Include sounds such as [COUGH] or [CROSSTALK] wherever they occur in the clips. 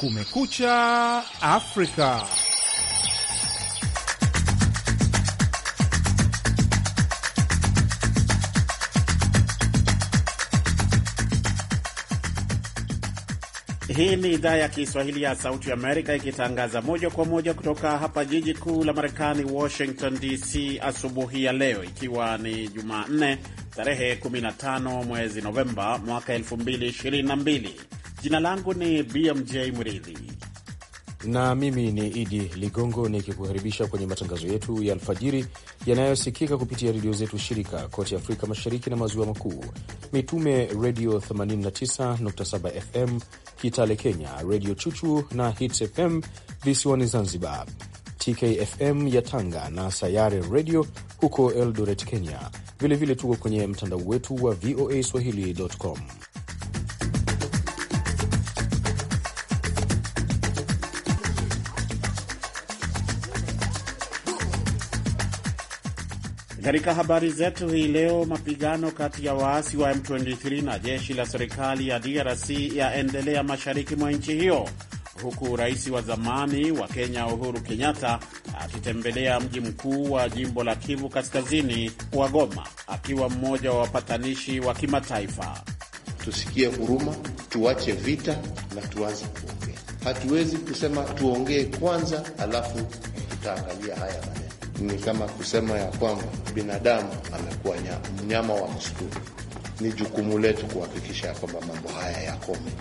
Kumekucha Afrika. Hii ni idhaa ya Kiswahili ya Sauti ya Amerika ikitangaza moja kwa moja kutoka hapa jiji kuu la Marekani, Washington DC, asubuhi ya leo, ikiwa ni Jumanne tarehe 15 mwezi Novemba mwaka 2022. Jina langu ni BMJ Mridhi na mimi ni Idi Ligongo nikikukaribisha kwenye matangazo yetu ya alfajiri yanayosikika kupitia redio zetu shirika kote Afrika Mashariki na Maziwa Makuu: Mitume Redio 89.7 FM Kitale Kenya, Redio Chuchu na Hits FM visiwani Zanzibar, TKFM ya Tanga na Sayare Redio huko Eldoret, Kenya. Vilevile tuko kwenye mtandao wetu wa VOA swahili.com. Katika habari zetu hii leo, mapigano kati ya waasi wa M23 na jeshi la serikali ya DRC yaendelea mashariki mwa nchi hiyo, huku rais wa zamani wa Kenya Uhuru Kenyatta akitembelea mji mkuu wa jimbo la Kivu Kaskazini wa Goma, akiwa mmoja wa wapatanishi wa kimataifa. Tusikie huruma, tuache vita na tuanze kuongea. Hatuwezi kusema tuongee kwanza, alafu tutaangalia haya ni kama kusema ya kwamba binadamu amekuwa mnyama wa msituni. Ni jukumu letu kuhakikisha ya kwamba mambo haya yakome.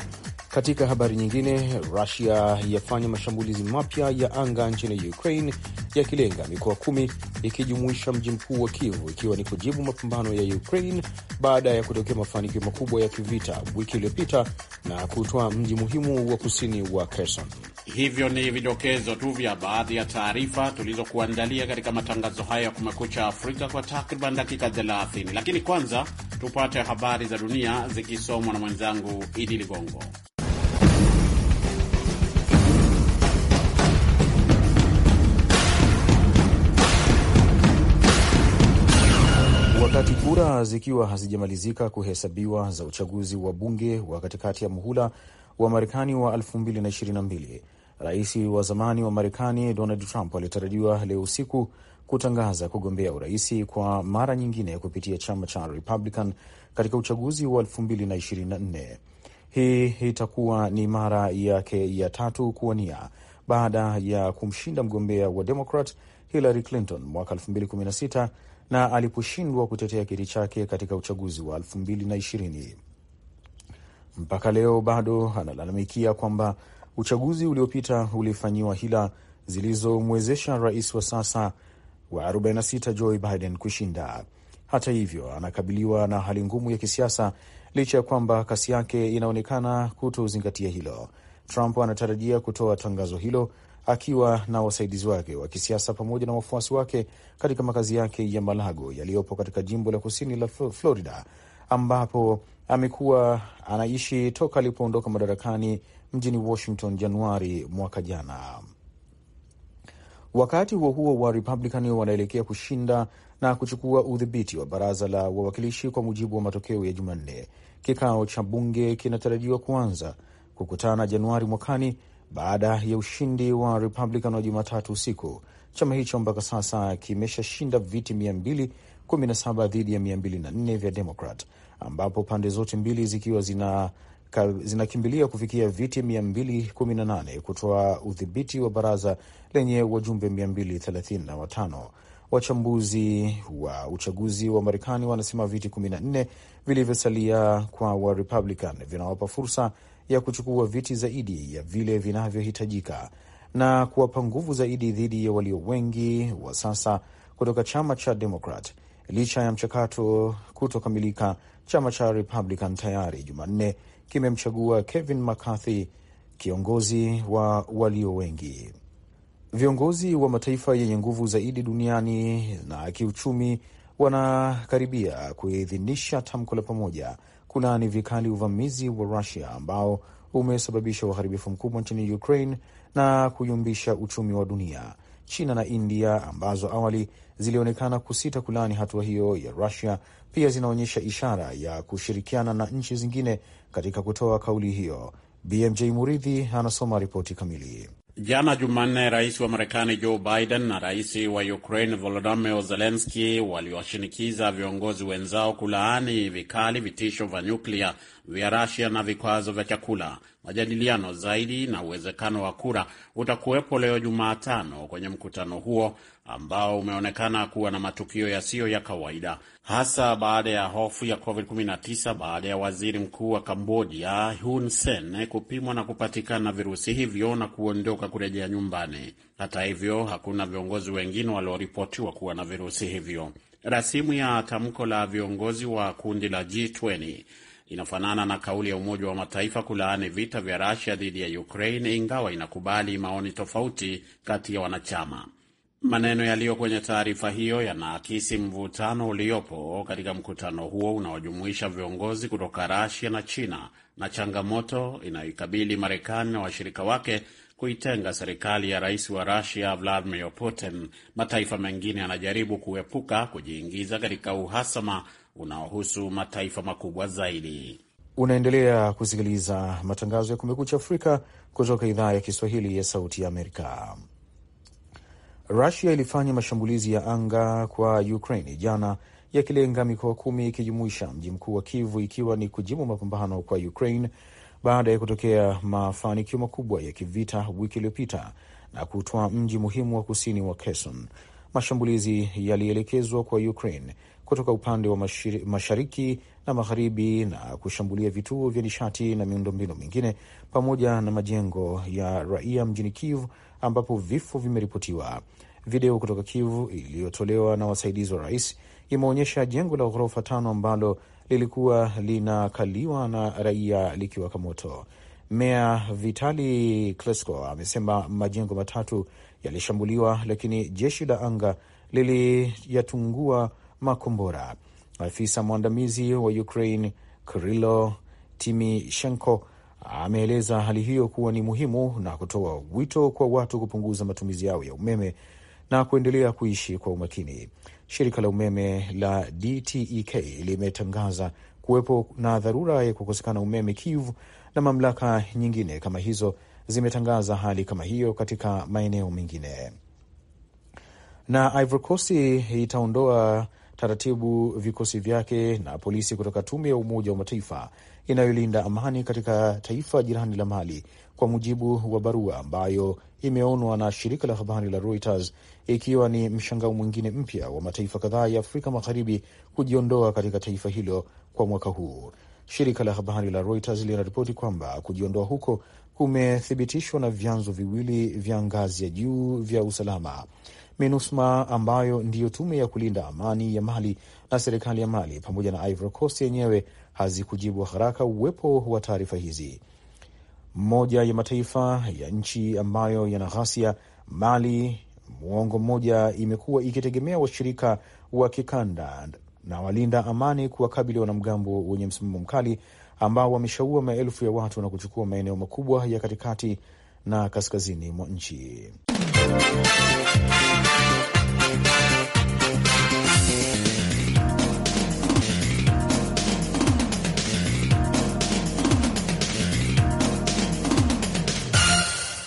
Katika habari nyingine, Rusia yafanya mashambulizi mapya ya anga nchini Ukraine yakilenga mikoa kumi ikijumuisha mji mkuu wa kivu ikiwa ni kujibu mapambano ya Ukraine baada ya kutokea mafanikio makubwa ya kivita wiki iliyopita na kutoa mji muhimu wa kusini wa Kherson. Hivyo ni vidokezo tu vya baadhi ya taarifa tulizokuandalia katika matangazo haya ya Kumekucha Afrika kwa takriban dakika 30, lakini kwanza tupate habari za dunia zikisomwa na mwenzangu Idi Ligongo. Wakati kura zikiwa hazijamalizika kuhesabiwa za uchaguzi wa bunge wa katikati ya muhula wa Marekani wa 2022 Rais wa zamani wa Marekani Donald Trump alitarajiwa leo usiku kutangaza kugombea uraisi kwa mara nyingine kupitia chama cha Republican katika uchaguzi wa 2024. Hii itakuwa ni mara yake ya tatu kuwania baada ya kumshinda mgombea wa Democrat Hillary Clinton mwaka 2016 na aliposhindwa kutetea kiti chake katika uchaguzi wa 2020. Mpaka leo bado analalamikia kwamba Uchaguzi uliopita ulifanyiwa hila zilizomwezesha rais wa sasa wa 46 Joe Biden kushinda. Hata hivyo, anakabiliwa na hali ngumu ya kisiasa licha ya kwamba kasi yake inaonekana kutozingatia hilo. Trump anatarajia kutoa tangazo hilo akiwa na wasaidizi wake wa kisiasa pamoja na wafuasi wake katika makazi yake ya Malago yaliyopo katika jimbo la kusini la Florida ambapo amekuwa anaishi toka alipoondoka madarakani mjini Washington Januari mwaka jana. Wakati huo huo, wa Republican wanaelekea kushinda na kuchukua udhibiti wa baraza la wawakilishi kwa mujibu wa matokeo ya Jumanne. Kikao cha bunge kinatarajiwa kuanza kukutana Januari mwakani baada ya ushindi wa Republican wa Jumatatu usiku. Chama hicho mpaka sasa kimeshashinda viti 217 dhidi ya 204 vya Democrat, ambapo pande zote mbili zikiwa zina zinakimbilia kufikia viti 218 kutoa udhibiti wa baraza lenye wajumbe 235. Wachambuzi wa uchaguzi wa Marekani wanasema viti 14 vilivyosalia kwa Warepublican vinawapa fursa ya kuchukua viti zaidi ya vile vinavyohitajika na kuwapa nguvu zaidi dhidi ya walio wengi wa sasa kutoka chama cha Demokrat. Licha ya mchakato kutokamilika, chama cha Republican tayari Jumanne kimemchagua Kevin McCarthy, kiongozi wa walio wengi. Viongozi wa mataifa yenye nguvu zaidi duniani na kiuchumi wanakaribia kuidhinisha tamko la pamoja kulaani vikali uvamizi wa Rusia ambao umesababisha uharibifu mkubwa nchini Ukraine na kuyumbisha uchumi wa dunia. China na India ambazo awali zilionekana kusita kulaani hatua hiyo ya Rusia pia zinaonyesha ishara ya kushirikiana na nchi zingine katika kutoa kauli hiyo. BMJ Muridhi anasoma ripoti kamili. Jana Jumanne, rais wa Marekani Joe Biden na rais wa Ukraine Volodymyr Zelenski waliwashinikiza viongozi wenzao kulaani vikali vitisho vya nyuklia vya Rusia na vikwazo vya chakula. Majadiliano zaidi na uwezekano wa kura utakuwepo leo Jumatano kwenye mkutano huo ambao umeonekana kuwa na matukio yasiyo ya kawaida, hasa baada ya hofu ya COVID-19 baada ya waziri mkuu wa Kambodia Hun Sen kupimwa na kupatikana virusi hivyo na kuondoka kurejea nyumbani. Hata hivyo, hakuna viongozi wengine walioripotiwa kuwa na virusi hivyo. Rasimu ya tamko la viongozi wa kundi la G20 inafanana na kauli ya Umoja wa Mataifa kulaani vita vya Russia dhidi ya Ukraine, ingawa inakubali maoni tofauti kati ya wanachama. Maneno yaliyo kwenye taarifa hiyo yanaakisi mvutano uliopo katika mkutano huo unaojumuisha viongozi kutoka Rasia na China na changamoto inayoikabili Marekani na washirika wake kuitenga serikali ya rais wa Rasia Vladimir Putin. Mataifa mengine yanajaribu kuepuka kujiingiza katika uhasama unaohusu mataifa makubwa zaidi. Unaendelea kusikiliza matangazo ya Kumekucha Afrika kutoka idhaa ya Kiswahili ya Sauti ya Amerika. Rusia ilifanya mashambulizi ya anga kwa Ukraini jana yakilenga mikoa kumi ikijumuisha mji mkuu wa Kivu ikiwa ni kujibu mapambano kwa Ukraine baada ya kutokea mafanikio makubwa ya kivita wiki iliyopita na kutwaa mji muhimu wa kusini wa Kherson. Mashambulizi yalielekezwa kwa Ukraine kutoka upande wa mashiri, mashariki na magharibi na kushambulia vituo vya nishati na miundombinu mingine pamoja na majengo ya raia mjini Kiev ambapo vifo vimeripotiwa. Video kutoka Kiev iliyotolewa na wasaidizi wa rais imeonyesha jengo la ghorofa tano ambalo lilikuwa linakaliwa na raia likiwaka moto. Meya Vitali klesco amesema majengo matatu yalishambuliwa, lakini jeshi la anga liliyatungua makombora. Afisa mwandamizi wa Ukraine Kirilo Timishenko ameeleza hali hiyo kuwa ni muhimu na kutoa wito kwa watu kupunguza matumizi yao ya umeme na kuendelea kuishi kwa umakini. Shirika la umeme la DTEK limetangaza kuwepo na dharura ya kukosekana umeme Kiev na mamlaka nyingine kama hizo zimetangaza hali kama hiyo katika maeneo mengine. Na Ivory Coast itaondoa taratibu vikosi vyake na polisi kutoka tume ya Umoja wa Mataifa inayolinda amani katika taifa jirani la Mali, kwa mujibu wa barua ambayo imeonwa na shirika la habari la Reuters, ikiwa ni mshangao mwingine mpya wa mataifa kadhaa ya Afrika Magharibi kujiondoa katika taifa hilo kwa mwaka huu. Shirika la habari la Reuters linaripoti kwamba kujiondoa huko kumethibitishwa na vyanzo viwili vya ngazi ya juu vya usalama MINUSMA ambayo ndiyo tume ya kulinda amani ya Mali na serikali ya Mali pamoja na Ivory Coast yenyewe hazikujibu haraka uwepo wa taarifa hizi. Moja ya mataifa ya nchi ambayo yana ghasia, Mali mwongo mmoja imekuwa ikitegemea washirika wa kikanda na walinda amani kuwakabili wanamgambo wenye msimamo mkali ambao wameshaua maelfu ya watu na kuchukua maeneo makubwa ya katikati na kaskazini mwa nchi.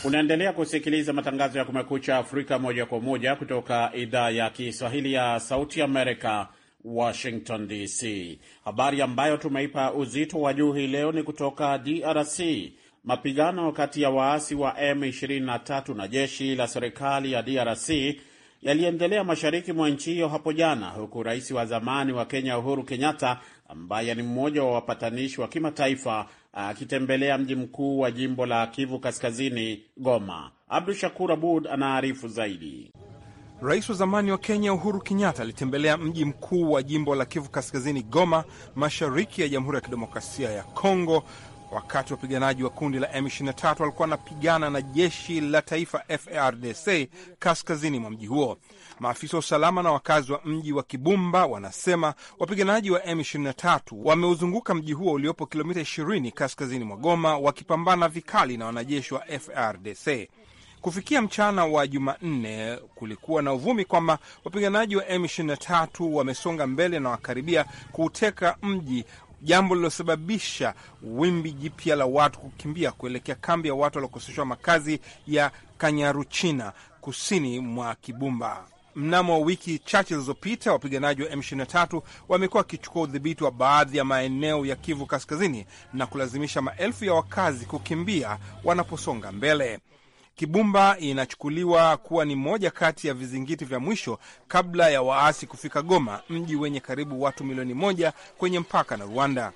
Unaendelea kusikiliza matangazo ya Kumekucha Afrika moja kwa moja kutoka idhaa ya Kiswahili ya Sauti Amerika Washington DC. Habari ambayo tumeipa uzito wa juu hii leo ni kutoka DRC. Mapigano kati ya waasi wa M23 na jeshi la serikali ya DRC yaliendelea mashariki mwa nchi hiyo hapo jana, huku rais wa zamani wa Kenya Uhuru Kenyatta, ambaye ni mmoja wa wapatanishi wa kimataifa, akitembelea mji mkuu wa jimbo la Kivu Kaskazini, Goma. Abdu Shakur Abud anaarifu zaidi. Rais wa zamani wa Kenya Uhuru Kenyatta alitembelea mji mkuu wa jimbo la Kivu Kaskazini, Goma, mashariki ya Jamhuri ya Kidemokrasia ya Kongo, wakati wapiganaji wa kundi la M23 walikuwa wanapigana na jeshi la taifa FARDC kaskazini mwa mji huo. Maafisa wa usalama na wakazi wa mji wa Kibumba wanasema wapiganaji wa M23 wameuzunguka mji huo uliopo kilomita 20 kaskazini mwa Goma, wakipambana vikali na wanajeshi wa FARDC. Kufikia mchana wa Jumanne, kulikuwa na uvumi kwamba wapiganaji wa M23 wamesonga mbele na wakaribia kuuteka mji, jambo lililosababisha wimbi jipya la watu kukimbia kuelekea kambi ya watu waliokoseshwa makazi ya Kanyaruchina, kusini mwa Kibumba. Mnamo wiki chache zilizopita wapiganaji wa M23 wamekuwa wakichukua udhibiti wa baadhi ya maeneo ya Kivu Kaskazini na kulazimisha maelfu ya wakazi kukimbia wanaposonga mbele. Kibumba inachukuliwa kuwa ni moja kati ya vizingiti vya mwisho kabla ya waasi kufika Goma, mji wenye karibu watu milioni moja kwenye mpaka na Rwanda.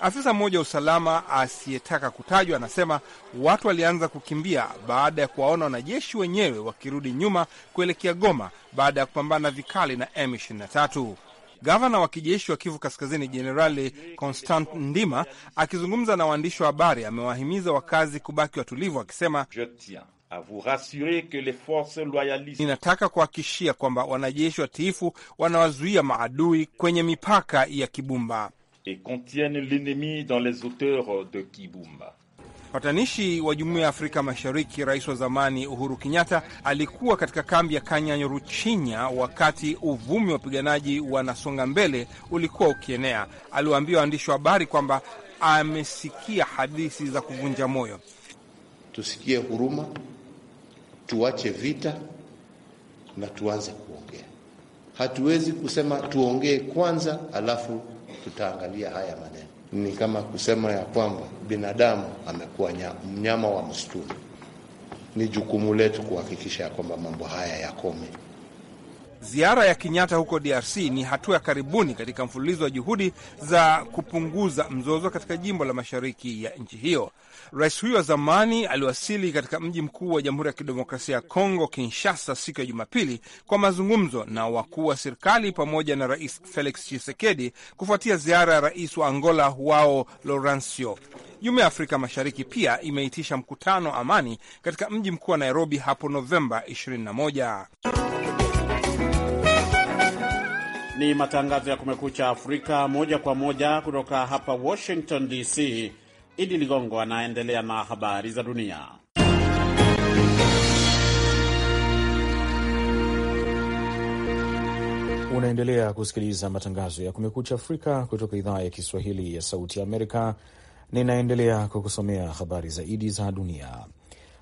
Afisa mmoja wa usalama asiyetaka kutajwa anasema watu walianza kukimbia baada ya kuwaona wanajeshi wenyewe wakirudi nyuma kuelekea Goma baada ya kupambana vikali na M23. Gavana wa kijeshi wa Kivu Kaskazini, Jenerali Constant Ndima, akizungumza na waandishi wa habari, amewahimiza wakazi kubaki watulivu, akisema Ninataka kuhakikishia kwamba wanajeshi wa tiifu wanawazuia maadui kwenye mipaka ya Kibumba. patanishi wa Jumuiya ya Afrika Mashariki, rais wa zamani Uhuru Kenyatta alikuwa katika kambi ya Kanyaruchinya wakati uvumi wa wapiganaji wanasonga mbele ulikuwa ukienea. Aliwaambia waandishi wa habari kwamba amesikia hadithi za kuvunja moyo. Tusikie huruma tuache vita na tuanze kuongea. Hatuwezi kusema tuongee kwanza alafu tutaangalia haya maneno. Ni kama kusema ya kwamba binadamu amekuwa mnyama wa msituni. Ni jukumu letu kuhakikisha ya kwamba mambo haya yakome. Ziara ya Kenyatta huko DRC ni hatua ya karibuni katika mfululizo wa juhudi za kupunguza mzozo katika jimbo la mashariki ya nchi hiyo. Rais huyo wa zamani aliwasili katika mji mkuu wa Jamhuri ya Kidemokrasia ya Kongo, Kinshasa, siku ya Jumapili kwa mazungumzo na wakuu wa serikali pamoja na Rais Felix Tshisekedi kufuatia ziara ya rais wa Angola Joao Lourenco. Jumuiya ya Afrika Mashariki pia imeitisha mkutano amani katika mji mkuu wa Nairobi hapo Novemba 21. Ni matangazo ya Kumekucha Afrika moja kwa moja kutoka hapa Washington DC. Idi Ligongo anaendelea na habari za dunia. Unaendelea kusikiliza matangazo ya Kumekucha Afrika kutoka idhaa ya Kiswahili ya Sauti Amerika. Ninaendelea kukusomea habari zaidi za dunia.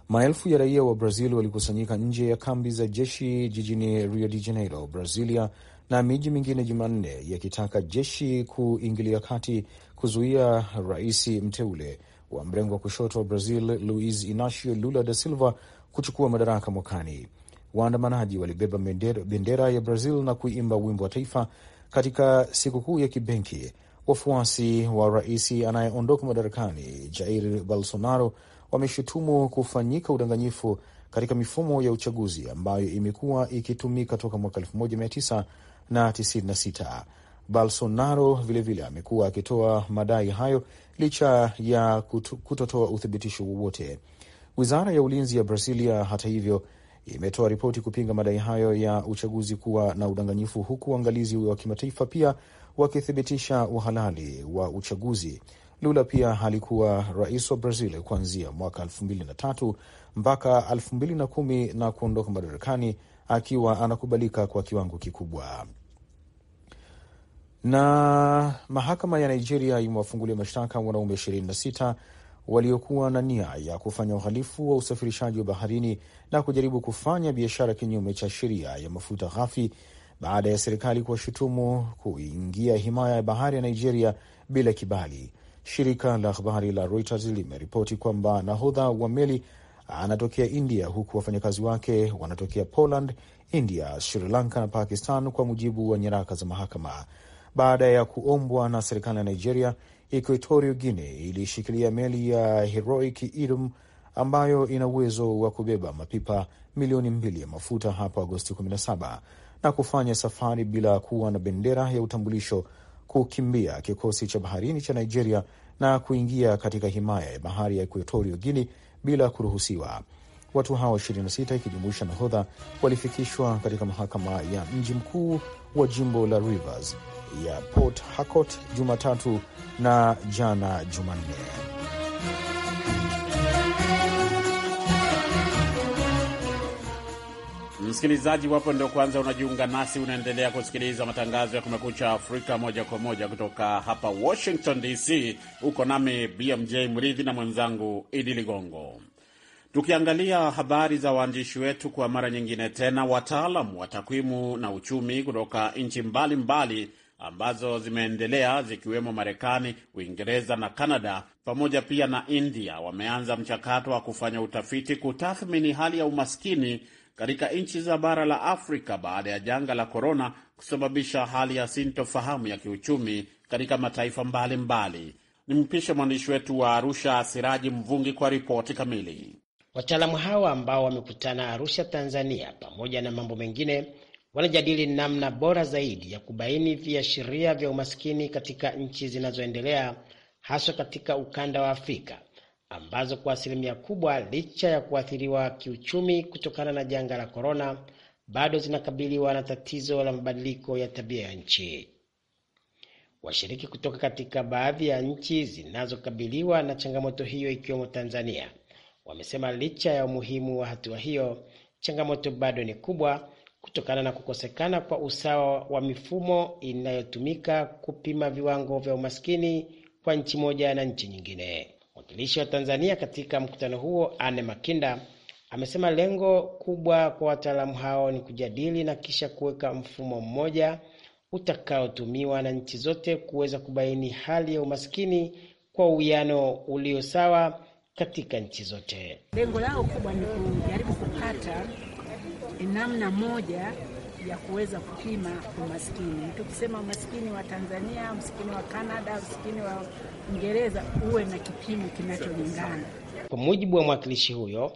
Maelfu ya raia wa Brazil walikusanyika nje ya kambi za jeshi jijini Rio de Janeiro, brazilia na miji mingine Jumanne yakitaka jeshi kuingilia kati kuzuia rais mteule wa mrengo wa kushoto wa Brazil Luiz Inacio Lula da Silva kuchukua madaraka mwakani. Waandamanaji walibeba bendera ya Brazil na kuimba wimbo wa taifa katika sikukuu ya kibenki. Wafuasi wa rais anayeondoka madarakani Jair Bolsonaro wameshutumu kufanyika udanganyifu katika mifumo ya uchaguzi ambayo imekuwa ikitumika toka mwaka 19 na 96. Bolsonaro vilevile amekuwa akitoa madai hayo licha ya kutotoa uthibitisho wowote. Wizara ya ulinzi ya Brasilia, hata hivyo, imetoa ripoti kupinga madai hayo ya uchaguzi kuwa na udanganyifu, huku uangalizi wa kimataifa pia wakithibitisha uhalali wa uchaguzi. Lula pia alikuwa rais wa Brazil kuanzia mwaka 2003 mpaka 2010 na kuondoka madarakani akiwa anakubalika kwa kiwango kikubwa. Na mahakama ya Nigeria imewafungulia mashtaka wanaume 26 waliokuwa na nia ya kufanya uhalifu wa usafirishaji wa baharini na kujaribu kufanya biashara kinyume cha sheria ya mafuta ghafi baada ya serikali kuwashutumu kuingia himaya ya bahari ya Nigeria bila kibali. Shirika la habari la Reuters limeripoti kwamba nahodha wa meli anatokea India, huku wafanyakazi wake wanatokea Poland, India, Sri Lanka na Pakistan, kwa mujibu wa nyaraka za mahakama. Baada ya kuombwa na serikali ya Nigeria, Equatorio Guinea ilishikilia meli ya Heroic Idom ambayo ina uwezo wa kubeba mapipa milioni mbili ya mafuta hapo Agosti 17 na kufanya safari bila kuwa na bendera ya utambulisho, kukimbia kikosi cha baharini cha Nigeria na kuingia katika himaya ya bahari ya Equatorio Guinea bila kuruhusiwa. Watu hao 26 ikijumuisha nahodha walifikishwa katika mahakama ya mji mkuu wa jimbo la Rivers ya Port Harcourt Jumatatu na jana Jumanne. Msikilizaji wapo ndio kwanza unajiunga nasi, unaendelea kusikiliza matangazo ya Kumekucha Afrika moja kwa moja kutoka hapa Washington DC. Uko nami BMJ Mridhi na mwenzangu Idi Ligongo, tukiangalia habari za waandishi wetu kwa mara nyingine tena. Wataalamu wa takwimu na uchumi kutoka nchi mbalimbali ambazo zimeendelea zikiwemo Marekani, Uingereza na Kanada pamoja pia na India wameanza mchakato wa kufanya utafiti kutathmini hali ya umaskini katika nchi za bara la Afrika baada ya janga la korona kusababisha hali ya sintofahamu ya kiuchumi katika mataifa mbalimbali. mpishe mwandishi wetu wa Arusha, Siraji Mvungi, kwa ripoti kamili. Wataalamu hawa ambao wamekutana Arusha, Tanzania, pamoja na mambo mengine, wanajadili namna bora zaidi ya kubaini viashiria vya umaskini katika nchi zinazoendelea, haswa katika ukanda wa Afrika ambazo kwa asilimia kubwa, licha ya kuathiriwa kiuchumi kutokana na janga la korona, bado zinakabiliwa na tatizo la mabadiliko ya tabia ya nchi. Washiriki kutoka katika baadhi ya nchi zinazokabiliwa na changamoto hiyo ikiwemo Tanzania wamesema licha ya umuhimu wa hatua hiyo, changamoto bado ni kubwa kutokana na kukosekana kwa usawa wa mifumo inayotumika kupima viwango vya umaskini kwa nchi moja na nchi nyingine. Mwakilishi wa Tanzania katika mkutano huo Anne Makinda amesema lengo kubwa kwa wataalamu hao ni kujadili na kisha kuweka mfumo mmoja utakaotumiwa na nchi zote kuweza kubaini hali ya umaskini kwa uwiano ulio sawa katika nchi zote. Lengo lao kubwa ni kujaribu kupata namna moja ya kuweza kupima umaskini. Tukisema umaskini wa Tanzania, umaskini wa Kanada, umaskini wa Uingereza, uwe na kipimo kinacholingana. Kwa mujibu wa mwakilishi huyo,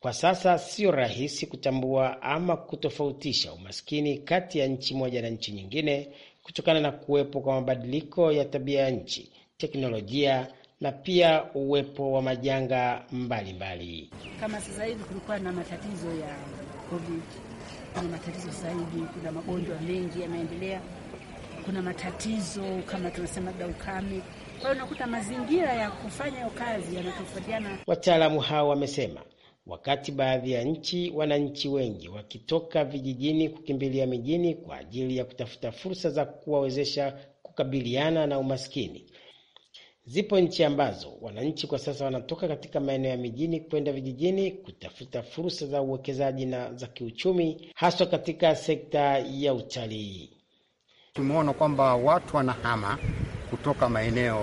kwa sasa sio rahisi kutambua ama kutofautisha umaskini kati ya nchi moja na nchi nyingine kutokana na kuwepo kwa mabadiliko ya tabia ya nchi, teknolojia na pia uwepo wa majanga mbalimbali mbali. Kama sasa hivi kulikuwa na matatizo ya COVID kuna matatizo zaidi, kuna magonjwa mengi yameendelea, kuna matatizo kama tunasema labda ukame. Kwa hiyo unakuta mazingira ya kufanya hiyo kazi yanatofautiana. Wataalamu hao wamesema wakati baadhi ya nchi, wananchi wengi wakitoka vijijini kukimbilia mijini kwa ajili ya kutafuta fursa za kuwawezesha kukabiliana na umaskini Zipo nchi ambazo wananchi kwa sasa wanatoka katika maeneo ya mijini kwenda vijijini kutafuta fursa za uwekezaji na za kiuchumi, haswa katika sekta ya utalii. Tumeona kwamba watu wanahama kutoka maeneo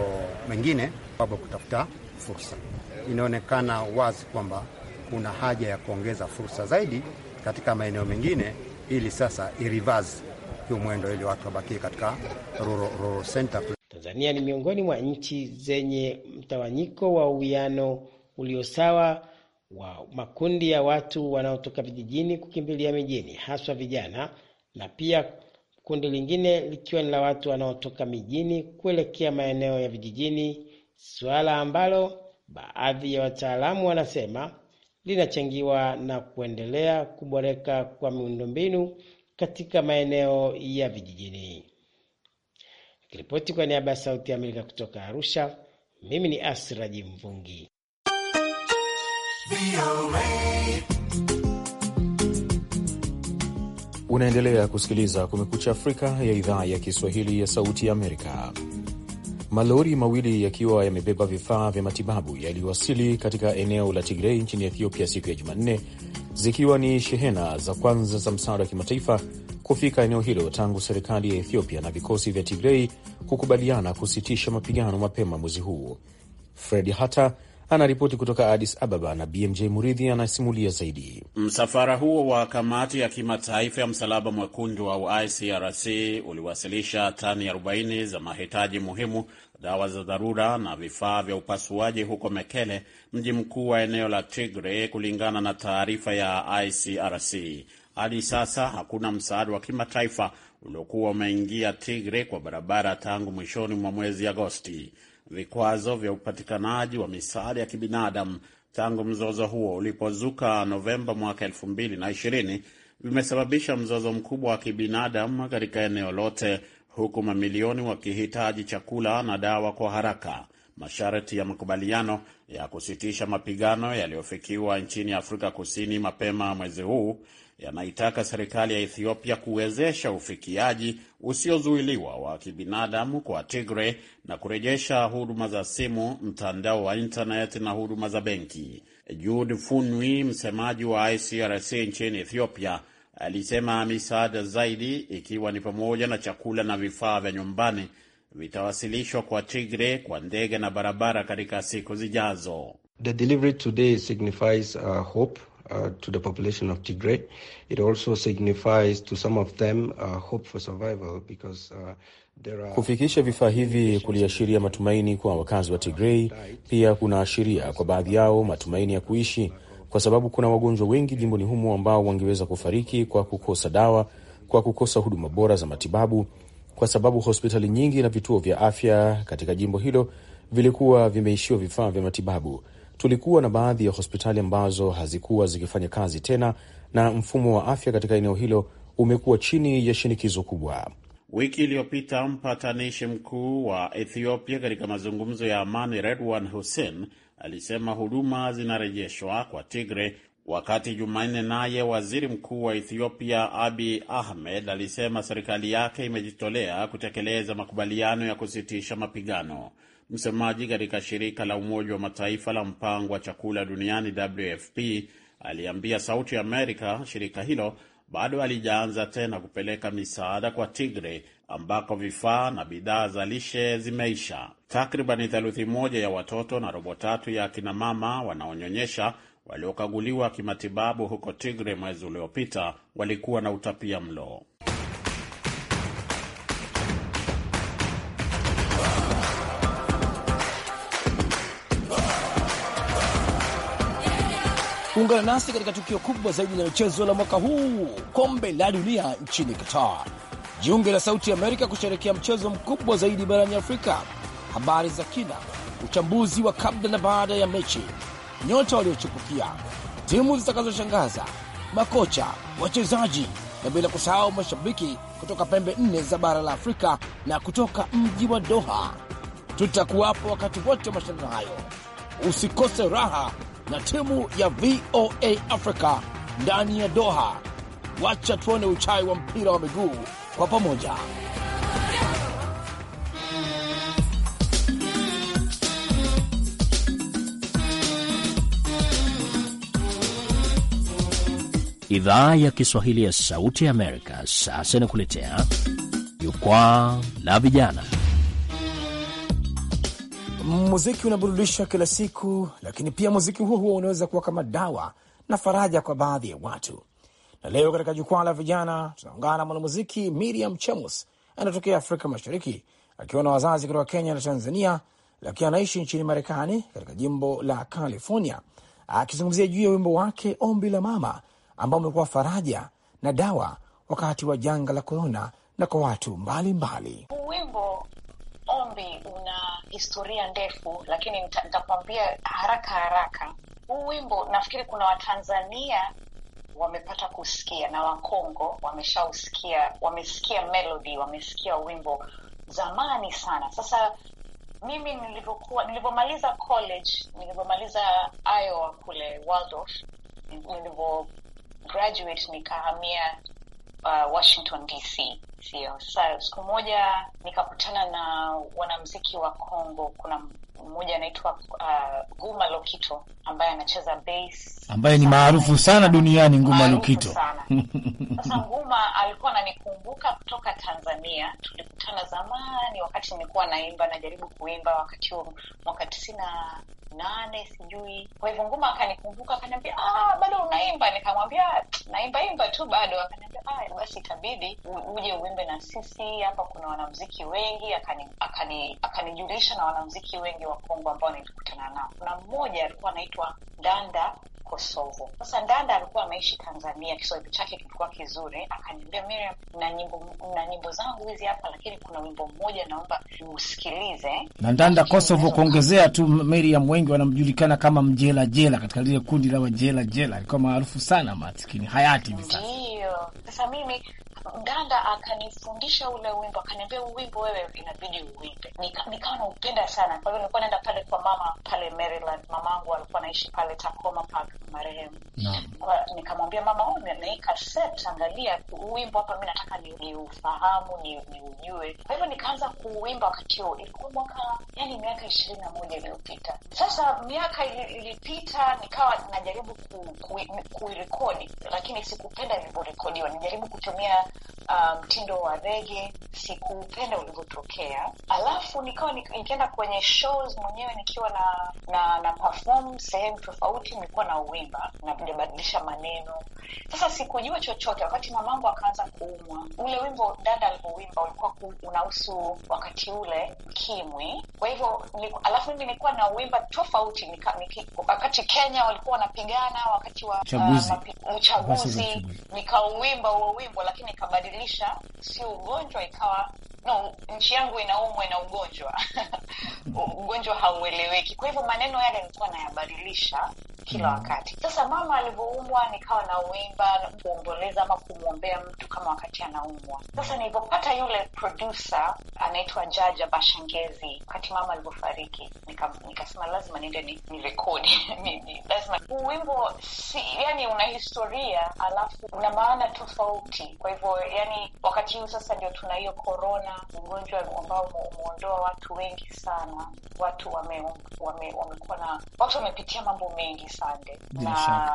mengine kwamba kutafuta fursa. Inaonekana wazi kwamba kuna haja ya kuongeza fursa zaidi katika maeneo mengine, ili sasa irivazi hiyo mwendo, ili watu wabakie katika rural center. Tanzania ni miongoni mwa nchi zenye mtawanyiko wa uwiano uliosawa wa makundi ya watu wanaotoka vijijini kukimbilia mijini, haswa vijana, na pia kundi lingine likiwa ni la watu wanaotoka mijini kuelekea maeneo ya vijijini, suala ambalo baadhi ya wataalamu wanasema linachangiwa na kuendelea kuboreka kwa miundombinu katika maeneo ya vijijini kiripoti kwa niaba ya Sauti ya Amerika kutoka Arusha, mimi ni Asraji Mvungi. Unaendelea kusikiliza Kumekucha Afrika ya idhaa ya Kiswahili ya Sauti ya Amerika. Malori mawili yakiwa yamebeba vifaa vya matibabu yaliwasili katika eneo la Tigrei nchini Ethiopia siku ya Jumanne, zikiwa ni shehena za kwanza za msaada wa kimataifa kufika eneo hilo tangu serikali ya Ethiopia na vikosi vya Tigrei kukubaliana kusitisha mapigano mapema mwezi huu. Fredi Hata anaripoti kutoka Addis Ababa na BMJ Muridhi anasimulia zaidi. Msafara huo wa kamati ya kimataifa ya msalaba mwekundu au ICRC uliwasilisha tani 40 za mahitaji muhimu, dawa za dharura na vifaa vya upasuaji huko Mekele, mji mkuu wa eneo la Tigre, kulingana na taarifa ya ICRC. Hadi sasa hakuna msaada wa kimataifa uliokuwa umeingia Tigre kwa barabara tangu mwishoni mwa mwezi Agosti. Vikwazo vya upatikanaji wa misaada ya kibinadamu tangu mzozo huo ulipozuka Novemba mwaka na ishirini vimesababisha mzozo mkubwa wa kibinadamu katika eneo lote, huku mamilioni wakihitaji chakula na dawa kwa haraka masharti ya makubaliano ya kusitisha mapigano yaliyofikiwa nchini Afrika Kusini mapema mwezi huu yanaitaka serikali ya Ethiopia kuwezesha ufikiaji usiozuiliwa wa kibinadamu kwa Tigre na kurejesha huduma za simu, mtandao wa intanet na huduma za benki. Jude Funwi, msemaji wa ICRC nchini Ethiopia, alisema misaada zaidi, ikiwa ni pamoja na chakula na vifaa vya nyumbani vitawasilishwa kwa Tigre kwa ndege na barabara katika siku zijazo. The delivery today signifies uh, hope uh, to the population of Tigray. It also signifies to some of them uh, hope for survival because uh, Kufikisha vifaa hivi kuliashiria matumaini kwa wakazi wa tigrei pia kunaashiria kwa baadhi yao matumaini ya kuishi, kwa sababu kuna wagonjwa wengi jimboni humo ambao wangeweza kufariki kwa kukosa dawa, kwa kukosa huduma bora za matibabu kwa sababu hospitali nyingi na vituo vya afya katika jimbo hilo vilikuwa vimeishiwa vifaa vya matibabu. Tulikuwa na baadhi ya hospitali ambazo hazikuwa zikifanya kazi tena, na mfumo wa afya katika eneo hilo umekuwa chini ya shinikizo kubwa. Wiki iliyopita mpatanishi mkuu wa Ethiopia katika mazungumzo ya amani Redwan Hussein alisema huduma zinarejeshwa kwa Tigre Wakati Jumanne naye waziri mkuu wa Ethiopia Abi Ahmed alisema serikali yake imejitolea kutekeleza makubaliano ya kusitisha mapigano. Msemaji katika shirika la Umoja wa Mataifa la mpango wa chakula duniani WFP aliambia Sauti ya Amerika shirika hilo bado halijaanza tena kupeleka misaada kwa Tigre ambako vifaa na bidhaa za lishe zimeisha. Takribani theluthi moja ya watoto na robo tatu ya akinamama wanaonyonyesha waliokaguliwa kimatibabu huko Tigre mwezi uliopita walikuwa na utapia mlo. Ungana nasi katika tukio kubwa zaidi la michezo la mwaka huu, kombe la dunia nchini Qatar. Jiunge la Sauti Amerika kusherekea mchezo mkubwa zaidi barani Afrika. Habari za kina, uchambuzi wa kabla na baada ya mechi nyota waliochipukia, timu zitakazoshangaza, makocha, wachezaji na bila kusahau mashabiki kutoka pembe nne za bara la Afrika na kutoka mji wa Doha. Tutakuwapo wakati wote wa mashindano hayo, usikose raha na timu ya VOA Africa ndani ya Doha. Wacha tuone uchai wa mpira wa miguu kwa pamoja. Idhaa ya Kiswahili ya Sauti ya Amerika sasa inakuletea Jukwaa la Vijana. Muziki unaburudisha kila siku, lakini pia muziki huo huo unaweza kuwa kama dawa na faraja kwa baadhi ya watu. Na leo katika Jukwaa la Vijana tunaungana na mwanamuziki Miriam Chemus, anatokea Afrika Mashariki akiwa na wazazi kutoka Kenya na Tanzania, lakini anaishi nchini Marekani katika jimbo la California, akizungumzia juu ya wimbo wake Ombi la Mama ambao umekuwa faraja na dawa wakati wa janga la korona na kwa watu mbalimbali. Wimbo ombi una historia ndefu, lakini ntakuambia haraka haraka. Huu wimbo nafikiri kuna Watanzania wamepata kusikia na Wakongo wameshausikia, wamesikia melody, wamesikia wimbo zamani sana. Sasa mimi nilivyokuwa, nilivyomaliza college, nilivyomaliza Iowa kule Waldorf, nilivyo graduate nikahamia uh, Washington DC, sio? Sasa siku moja nikakutana na wanamziki wa Congo, kuna mmoja anaitwa uh, Guma Lokito ambaye anacheza bass ambaye ni maarufu sana duniani. Nguma Lokito [LAUGHS] sasa Nguma alikuwa ananikumbuka kutoka Tanzania, tulikutana zamani wakati nilikuwa naimba, najaribu kuimba wakati huo mwaka tisini na nane sijui. Kwa hivyo Nguma akanikumbuka akaniambia, ah, bado unaimba? Nikamwambia naimba imba tu bado. Akaniambia ah, basi itabidi uje uimbe na sisi hapa, kuna wanamziki wengi. Akanijulisha akani, akani na wanamziki wengi wa Kongo ambao nilikutana nao, kuna mmoja alikuwa anaitwa danda Kosovo. Sasa Ndanda alikuwa ameishi Tanzania, Kiswahili chake kilikuwa kizuri. Akaniambia, Miriam, na nyimbo na nyimbo zangu hizi hapa, lakini kuna wimbo mmoja naomba usikilize. Na danda Kosovo, kuongezea tu, Miriam, wengi wanamjulikana kama mjela jela katika lile kundi la wajela jela, alikuwa maarufu sana, maskini hayati hivi sasa. Ndio sasa mimi Mganda akanifundisha ule wimbo, akaniambia huu wimbo wewe inabidi uwimbe Nikawa nika naupenda sana. Kwa hiyo nilikuwa naenda pale kwa mama pale Maryland, angu alikuwa anaishi pale Tacoma Park, marehemu no. Nikamwambia mama, set, angalia uwimbo hapa, mi nataka niufahamu ni niujue. Ni kwa hivyo nikaanza kuwimba wakati huo, ilikuwa mwaka yani miaka ishirini na moja iliyopita. Sasa miaka ilipita, nikawa najaribu kuirekodi ku, ku, lakini sikupenda ilivyorekodiwa. Nijaribu kutumia mtindo um, wa rege sikuupenda ulivyotokea. Alafu nikawa nikienda kwenye shows mwenyewe nikiwa na na, na perform sehemu tofauti, nilikuwa na uwimba na nabadilisha maneno. Sasa sikujua chochote, wakati mamangu akaanza kuumwa. Ule wimbo dada alivyowimba ulikuwa unahusu wakati ule Kimwi, kwa hivyo alafu mimi nilikuwa na uwimba tofauti nika, wakati Kenya walikuwa wanapigana wakati wa uchaguzi, uh, nikauwimba huo wimbo lakini nika ukabadilisha, sio ugonjwa ikawa no, nchi yangu inaumwa na ugonjwa [LAUGHS] ugonjwa haueleweki. Kwa hivyo maneno yale nilikuwa nayabadilisha kila mm. wakati. Sasa mama alivyoumwa, nikawa nauimba na kuomboleza ama kumwombea mtu kama wakati anaumwa. Sasa nilivyopata yule producer anaitwa Jaja Bashangezi, wakati mama alivyofariki, nikasema nika lazima niende ni rekodi [LAUGHS] lazima huu wimbo si, yani una historia alafu una maana tofauti. Kwa hivyo yani, wakati huu sasa ndio tuna hiyo korona, ugonjwa ambao umeondoa watu wengi sana, watu wamekuwa wame, wame na watu wamepitia mambo mengi Sunday na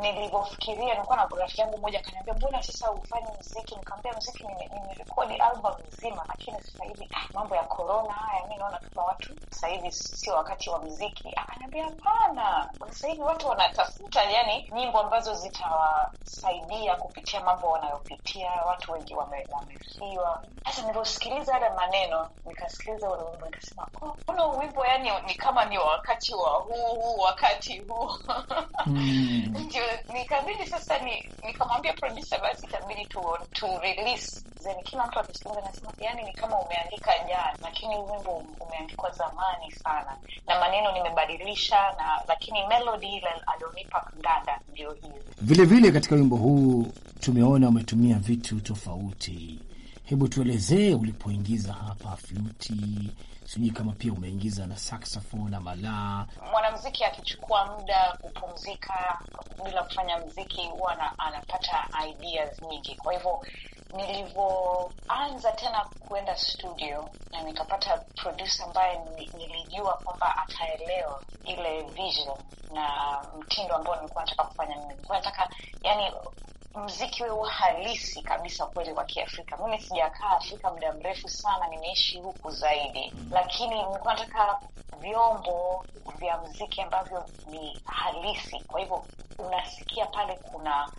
Nilivyofikiria, nilikuwa na rafiki yangu mmoja akaniambia, mbona sasa ufanye muziki? Nikamwambia muziki nimerekodi album nzima, lakini sasa hivi ah, mambo ya korona haya, mi naona kama watu sasa hivi sio wakati wa muziki. Akaniambia hapana, sasa hivi watu wanatafuta yani nyimbo ambazo zitawasaidia kupitia mambo wanayopitia. Watu wengi wamefiwa. Sasa nilivyosikiliza yale maneno, nikasikiliza ule wimbo, nikasema oh, una wimbo yani ni kama ni wakati wa huu huu wakati huu mm. [LAUGHS] Ndio nikabidi sasa ni, nikamwambia producer basi itabidi tu, tu release then kila mtu akisikiliza nasema yani ni kama umeandika jana, lakini wimbo umeandikwa zamani sana na maneno nimebadilisha, na lakini melody ile alionipa dada ndio hiyo. Vile vile katika wimbo huu tumeona umetumia vitu tofauti Hebu tuelezee ulipoingiza hapa fluti, sijui kama pia umeingiza na saxofoni na malaa. Mwanamziki akichukua muda kupumzika bila kufanya mziki, huwa anapata ideas nyingi. Kwa hivyo nilivyoanza tena kuenda studio na nikapata producer ambaye nilijua kwamba ataelewa ile vision na mtindo ambao nilikuwa nataka kufanya mimi. nataka yani mziki huo halisi kabisa kweli wa Kiafrika. Mimi sijakaa Afrika muda mrefu sana, nimeishi huku zaidi, lakini nilikuwa nataka vyombo vya mziki ambavyo ni halisi. Kwa hivyo unasikia pale kuna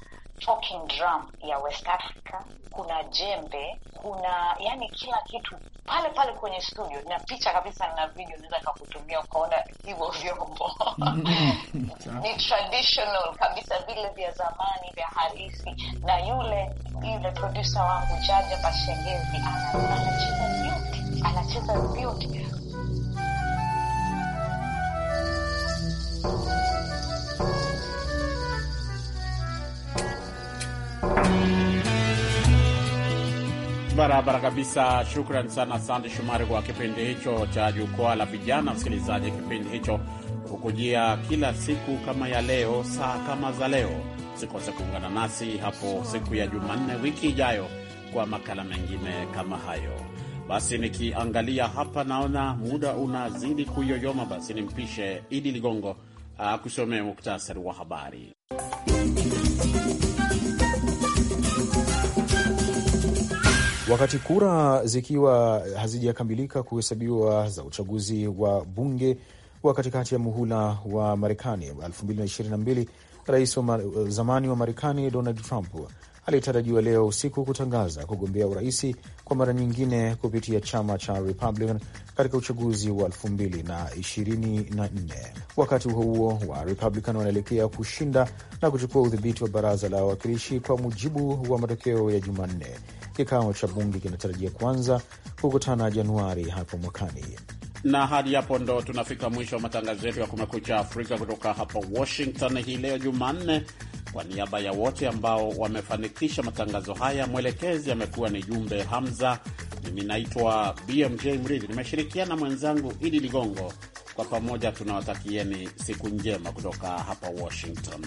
talking drum ya West Africa, kuna jembe, kuna yani kila kitu pale pale kwenye studio, na picha kabisa na video naweza kakutumia ukaona hivyo vyombo mm-hmm. [LAUGHS] ni traditional kabisa, vile vya zamani vya halisi. Na yule yule produsa wangu Jaja Bashengezi anacheza vyote, anacheza vyote. barabara kabisa. Shukran sana Sande Shumari kwa kipindi hicho cha jukwaa la vijana. Msikilizaji, kipindi hicho hukujia kila siku kama ya leo, saa kama za leo. sikose kuungana nasi hapo siku ya Jumanne wiki ijayo kwa makala mengine kama hayo. Basi nikiangalia hapa naona muda unazidi kuyoyoma, basi nimpishe Idi Ligongo akusomee muktasari wa habari. Wakati kura zikiwa hazijakamilika kuhesabiwa za uchaguzi wa bunge wa katikati ya muhula wa Marekani 2022, rais wa zamani wa Marekani Donald Trump alitarajiwa leo usiku kutangaza kugombea uraisi kwa mara nyingine kupitia chama cha Republican katika uchaguzi wa 2024. Wakati huo huo, wa Republican wanaelekea kushinda na kuchukua udhibiti wa baraza la wawakilishi kwa mujibu wa matokeo ya Jumanne. Kikao cha bunge kinatarajia kuanza kukutana Januari hapo mwakani na hadi hapo ndo tunafika mwisho wa matangazo yetu ya Kumekucha Afrika kutoka hapa Washington hii leo Jumanne. Kwa niaba ya wote ambao wamefanikisha matangazo haya, mwelekezi amekuwa ni Jumbe Hamza. Mimi naitwa BMJ Mridhi, nimeshirikiana mwenzangu Idi Ligongo. Kwa pamoja tunawatakieni siku njema kutoka hapa Washington.